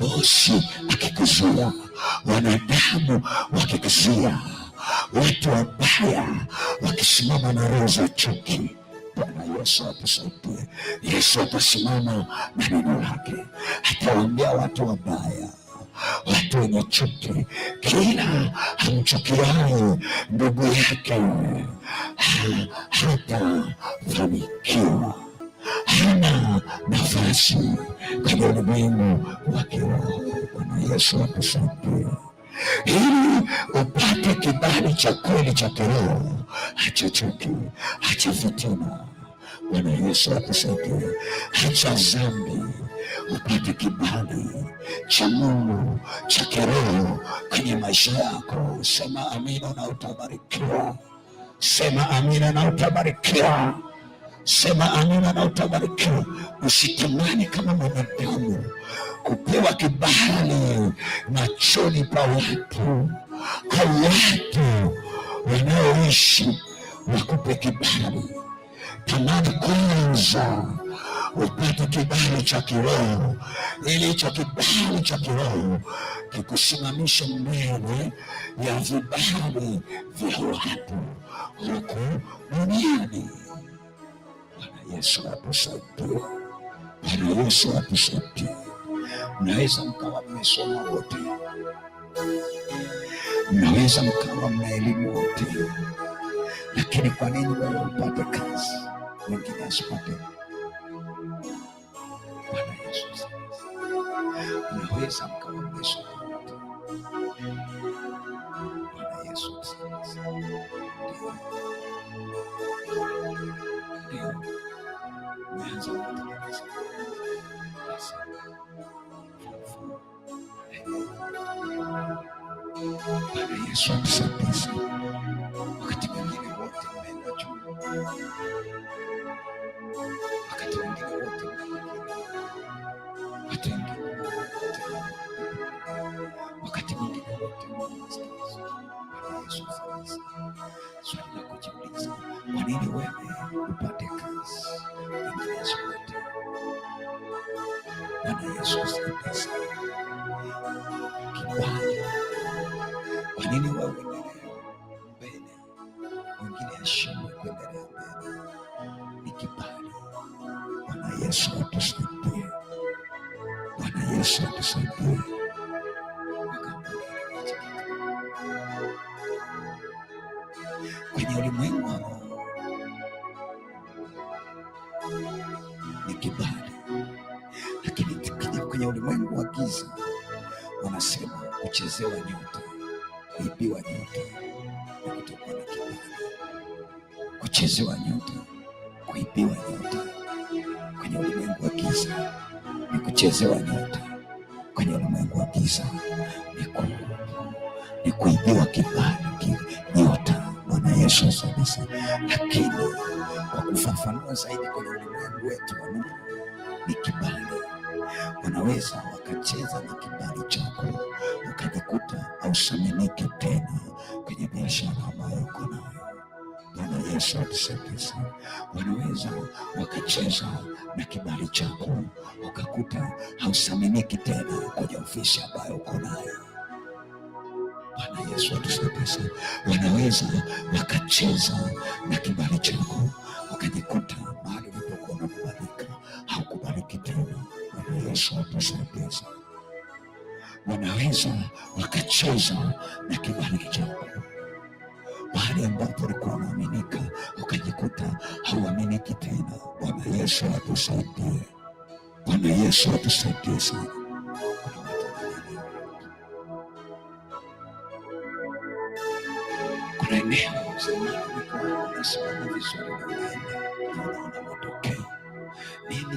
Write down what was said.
Mwishi akikuzua, wanadamu wakikuzua, watu wabaya wakisimama na roho za chuki, Bwana Yesu atusaidie. Yesu atasimama na neno lake, atawaambia watu wabaya watu wenye chuki, kila amchukiaye ndugu yake hatafanikiwa hana nafasi kwenye ulimwengu wa kiroho. Bwana Yesu akusaidie ili upate kibali cha kweli cha kiroho, hacha chuki, hacha fitina. Bwana Yesu akusaidie, hacha zambi, upate kibali cha Mungu cha kiroho kwenye maisha yako. Sema amina na utabarikiwa. Sema amina na utabarikiwa. Sema amina na utabarikiwa. Usitamani kama mwanadamu kupewa kibali machoni pa watu au watu wanaoishi wakupe kibali. Tamani kwanza upate kibali cha kiroho, ili hicho kibali cha kiroho kikusimamisha mbele ya vibali vya watu huku duniani. Yesu atusaidie, Bwana Yesu atusaidie. Mnaweza mkawa mmesoma wote, mnaweza mkawa mna elimu wote, lakini kwa nini wewe upate kazi wengine asipate? Bwana Yesu, mnaweza mkawa mmesoma Yesu atusaidie. Wakati mwingine wote mnaenda juu, wakati mwingine wote hatenda, wakati mwingine wote swali la kujiuliza, kwa nini wewe upate kazi ingine zote? Bwana Yesu atusaidie lakini wawili mbele, wengine heshima kuendelea mbele, ni kibali. Bwana Yesu atusaidie, Bwana Yesu atusaidie. Kwenye ulimwengu wa roho ni kibali, lakini kwenye ulimwengu wa giza wanasema kuchezewa nyota kuibiwa nyota na kutokuwa na kibali, kuchezewa nyota, kuibiwa nyota kwenye ulimwengu wa giza ni kuchezewa nyota kwenye ulimwengu wa giza ni kuibiwa kibali, nyota. Bwana Yesu asifiwe. Lakini kwa kufafanua zaidi, kwenye ulimwengu wetu wa Mungu ni kibali wanaweza wakacheza na kibali chako ukajikuta ausaminike tena kwenye biashara ambayo uko nayo. Bwana Yesu atusaidie. Wanaweza wakacheza na kibali chako ukakuta hausaminiki tena kwenye ofisi ambayo uko nayo. Bwana Yesu atusaidie. Wanaweza wakacheza na kibali chako ukajikuta Yesu atawasaidia sana. Wanaweza wakacheza na kibali chako mahali ambapo ulikuwa unaaminika ukajikuta hauaminiki tena. Bwana Yesu atusaidie, Bwana Yesu atusaidie sana. Kuna eneo zamani unasimama vizuri unaona matokeo nini